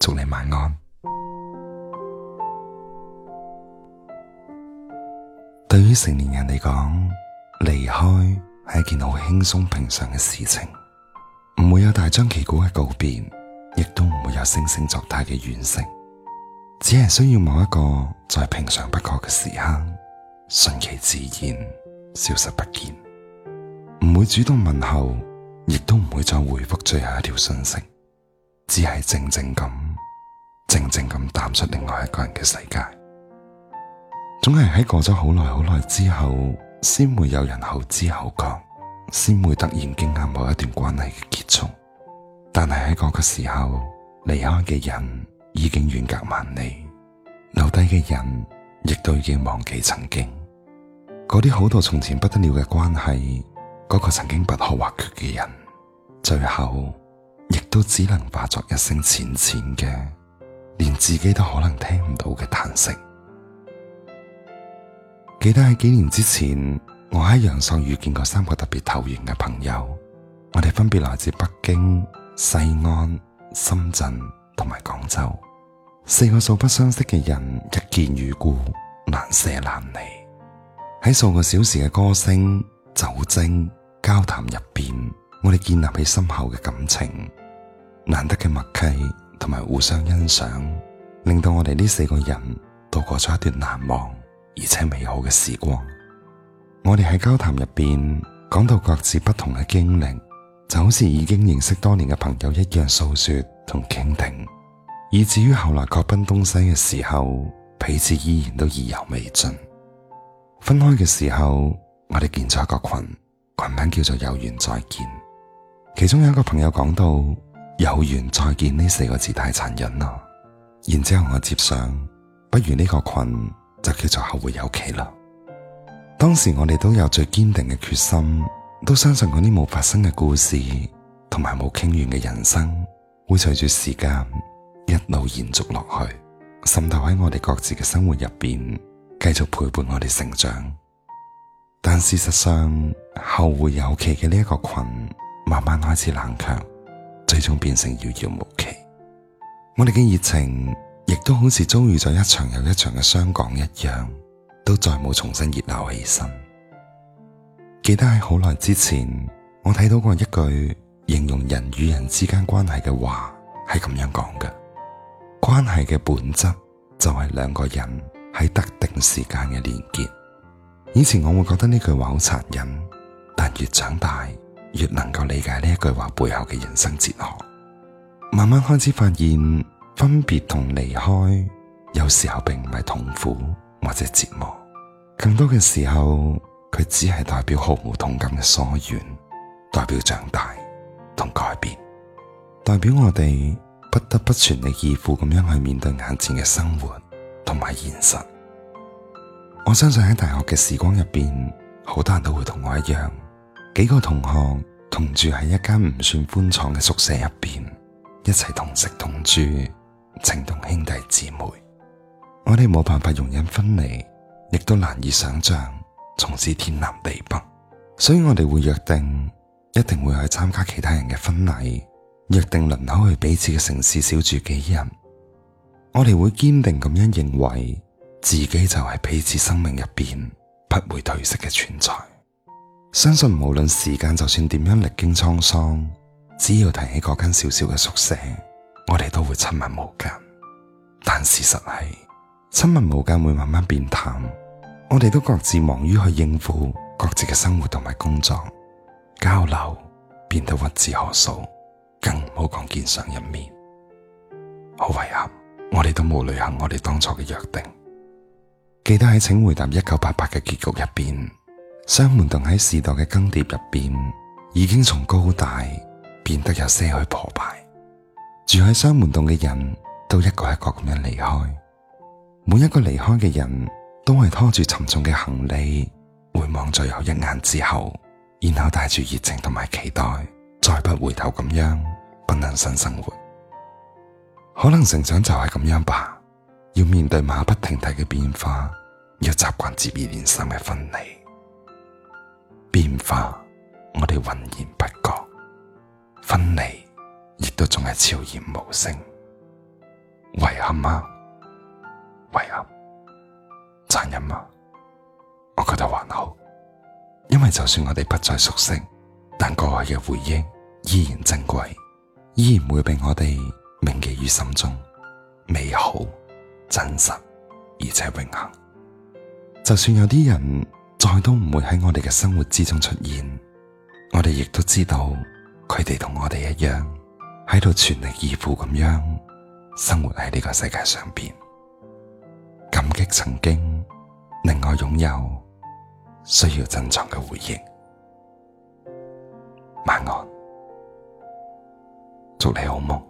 祝你晚安。對於成年人嚟講，離開係一件好輕鬆平常嘅事情，唔會有大張旗鼓嘅告別，亦都唔會有惺惺作態嘅完成，只係需要某一個再平常不過嘅時刻，順其自然消失不見，唔會主動問候，亦都唔會再回復最後一條信息，只係靜靜咁。靜咁淡出另外一個人嘅世界，總係喺過咗好耐好耐之後，先會有人後知後覺，先會突然驚訝某一段關係嘅結束。但係喺嗰個時候離開嘅人已經遠隔萬里，留低嘅人亦都已經忘記曾經嗰啲好多從前不得了嘅關係，嗰、嗰個曾經不可或缺嘅人，最後亦都只能化作一聲淺淺嘅。連自己都可能聽唔到嘅嘆息。記得喺幾年之前，我喺陽朔遇見過三個特別投緣嘅朋友，我哋分別來自北京、西安、深圳同埋廣州，四個素不相識嘅人一見如故，難捨難離。喺數個小時嘅歌聲、酒精、交談入邊，我哋建立起深厚嘅感情，難得嘅默契。埋互相欣賞，令到我哋呢四個人度過咗一段難忘而且美好嘅時光。我哋喺交談入邊講到各自不同嘅經歷，就好似已經認識多年嘅朋友一樣訴說同傾聽。以至於後來各奔東西嘅時候，彼此依然都意猶未盡。分開嘅時候，我哋建咗一個群，群名叫做有緣再見。其中有一個朋友講到。有緣再見呢四個字太殘忍啦，然之後我接上，不如呢個群就叫做後會有期啦。當時我哋都有最堅定嘅決心，都相信嗰啲冇發生嘅故事，同埋冇傾完嘅人生，會隨住時間一路延續落去，滲透喺我哋各自嘅生活入邊，繼續陪伴我哋成長。但事實上，後會有期嘅呢一個群，慢慢開始冷卻。最終變成遙遙無期，我哋嘅熱情亦都好似遭遇咗一場又一場嘅霜降一樣，都再冇重新熱鬧起身。記得喺好耐之前，我睇到過一句形容人與人之間關係嘅話，係咁樣講嘅：關係嘅本質就係兩個人喺特定時間嘅連結。以前我會覺得呢句話好殘忍，但越長大。越能夠理解呢一句話背後嘅人生哲學，慢慢開始發現分別同離開，有時候並唔係痛苦或者折磨，更多嘅時候佢只係代表毫無痛感嘅疏遠，代表長大同改變，代表我哋不得不全力以赴咁樣去面對眼前嘅生活同埋現實。我相信喺大學嘅時光入邊，好多人都會同我一樣。幾個同學同住喺一間唔算寬敞嘅宿舍入邊，一齊同食同住，情同兄弟姊妹。我哋冇辦法容忍分離，亦都難以想象從此天南地北。所以我哋會約定，一定會去參加其他人嘅婚禮，約定輪流去彼此嘅城市小住幾日。我哋會堅定咁樣認為，自己就係彼此生命入邊不會褪色嘅存在。相信無論時間就算點樣歷經滄桑，只要提起嗰間小小嘅宿舍，我哋都會親密無間。但事實係親密無間會慢慢變淡，我哋都各自忙於去應付各自嘅生活同埋工作，交流變得屈指可數，更唔好講見上一面。好遺憾，我哋都冇履行我哋當初嘅約定。記得喺請回答一九八八嘅結局入邊。雙門洞喺時代嘅更迭入邊，已經從高大變得有些許破敗。住喺雙門洞嘅人都一個一個咁樣離開，每一個離開嘅人都係拖住沉重嘅行李，回望最後一眼之後，然後帶住熱情同埋期待，再不回頭咁樣奔向新生活。可能成長就係咁樣吧，要面對馬不停蹄嘅變化，要習慣接二連三嘅分離。化我哋渾然不覺，分離亦都仲係悄然無聲。遺憾啊，遺憾，殘忍啊！我覺得還好，因為就算我哋不再熟悉，但過去嘅回憶依然珍貴，依然會被我哋銘記於心中，美好、真實而且永恆。就算有啲人。再都唔會喺我哋嘅生活之中出現，我哋亦都知道佢哋同我哋一樣喺度全力以赴咁樣生活喺呢個世界上邊，感激曾經令我擁有、需要珍藏嘅回憶。晚安，祝你好夢。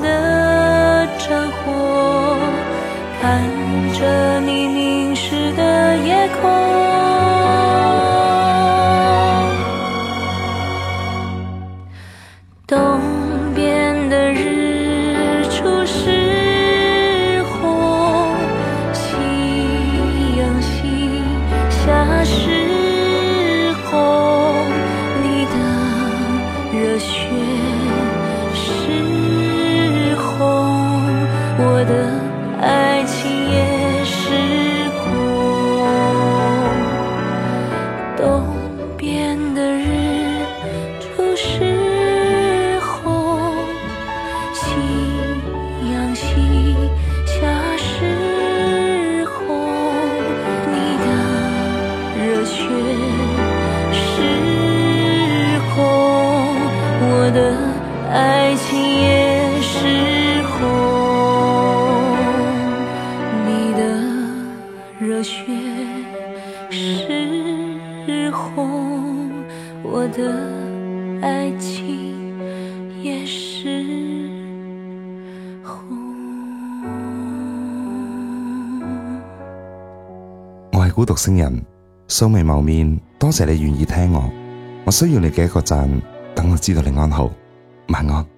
的戰火，看着你凝視的夜空。我的愛情也是紅。我係孤獨星人，素未謀面，多謝你願意聽我。我需要你給一個贊，等我知道你安好，晚安。